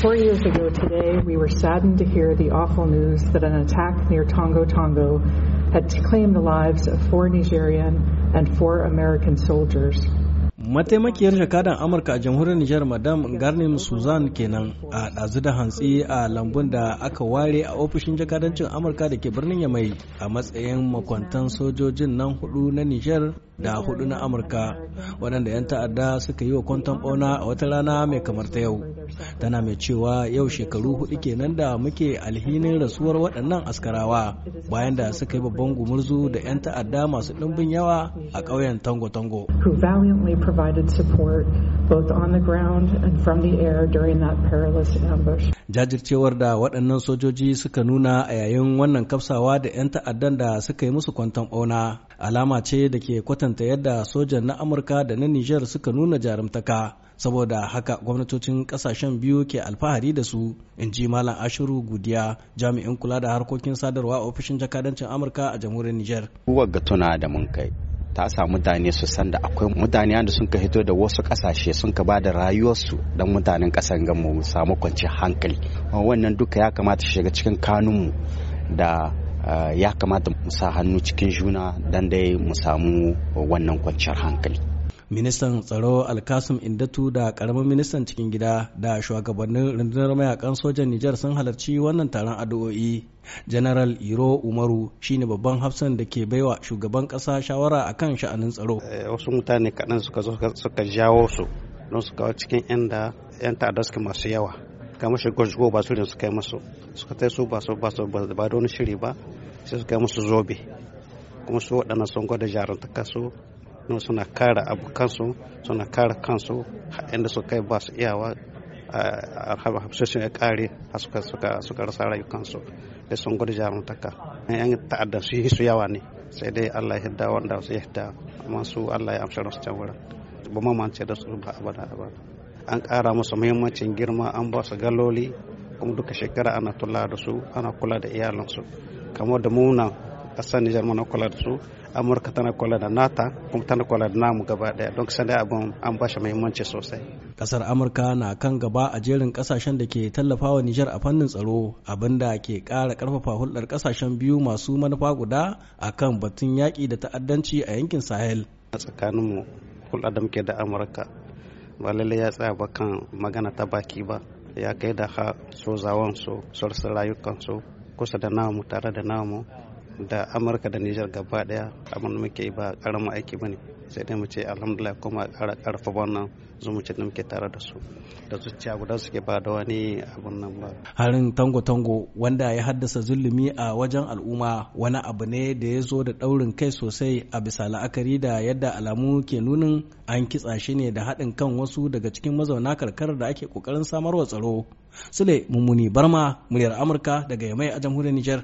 Four years ago today, we were saddened to hear the awful news that an attack near Tongo Tongo had claimed the lives of four Nigerian and four American soldiers. mataimakiyar jakadan amurka a jamhuriyar nijar madam garnim suzan kenan a ɗazu da hantsi a lambun da aka ware a ofishin jakadancin amurka da ke birnin yamai a matsayin makwantan sojojin nan hudu na nijar da hudu na amurka waɗanda 'yan ta'adda suka yi wa kwanton ɓauna a wata rana mai kamar ta yau tana mai cewa yau shekaru hudu kenan da muke alhinin rasuwar waɗannan askarawa bayan da suka yi babban gumurzu da 'yan ta'adda masu ɗumbin yawa a ƙauyen tango-tango jajircewar da waɗannan sojoji suka nuna a yayin wannan kafsawa da 'yan ta'addan da suka yi musu kwanton ɓauna alama ce da ke kwatanta kwatanta yadda sojan na Amurka da na niger suka nuna jarumtaka. Saboda haka gwamnatocin kasashen biyu ke alfahari da su, in ji Malam Ashiru Gudiya, jami'in kula da harkokin sadarwa a ofishin jakadancin Amurka a jamhuriyar Nijar. ga tuna da mun kai. ta sa mutane su san da akwai mutane da sun ka hito da wasu kasashe sun ka da rayuwarsu don mutanen kasan gamu samu kwanci hankali wannan duka ya kamata shiga cikin kanunmu da Ah, ya kamata mu sa hannu cikin juna dan dai mu samu wannan kwanciyar hankali ministan tsaro alkasim indatu da karamin ministan cikin gida da shugabannin rundunar mayakan sojan nijar sun halarci wannan taron addu'o'i general iro umaru shine babban hafsan da ke baiwa shugaban kasa shawara akan sha'anin tsaro eh, wasu mutane kaɗan suka zo suka jawo su don su kawo cikin 'yan ta'adda suke masu yawa kama shi gwajgo ba su ne suka yi masu suka tai su ba su ba su ba da wani shiri ba sai suka yi masu zobe kuma su waɗannan sun gwada jarantaka su suna kare abokansu suna kara kansu inda su kai ba su iyawa a hafsashin ya kare suka rasa rayukansu da sun gwada jarumtaka yan ta'adda su yi su yawa ne sai dai allah ya hidda wanda su ya hidda amma su allah ya amsa su can wurin ba mamance da su ba abada abada an ƙara musu muhimmancin girma an ba su galoli kuma duka shekara ana tula da su ana kula da iyalansu kamar da muna san nijar mana kula da su amurka tana kula da nata kuma tana kula da namu gaba daya don kusan abin an shi muhimmanci sosai kasar amurka na kan gaba a jerin kasashen da ke tallafawa nijar a fannin tsaro abinda ke kara karfafa hulɗar kasashen biyu masu manufa guda akan batun yaƙi da ta'addanci a yankin sahel a tsakaninmu hulɗar da muke da amurka ba lalle ya tsaya ba kan magana ta baki ba ya kai da ha sozawan su sarsa rayukan su kusa da namu tare da namu da amurka da nijar gaba daya abin da muke ba karamin aiki ba ne. sai dai mu ce alhamdulillah kuma ƙara ƙarfa wannan zumuncin da muke tare da su da zuciya guda suke ba da wani abun nan ba harin tango tango wanda ya haddasa zulumi a wajen al'umma wani abu ne da ya zo da daurin kai sosai a bisa la'akari da yadda alamu ke nunin an kitsa shi ne da haɗin kan wasu daga cikin mazauna karkar da ake ƙoƙarin samarwa tsaro sule mummuni barma muryar amurka daga yamai a jamhuriyar nijar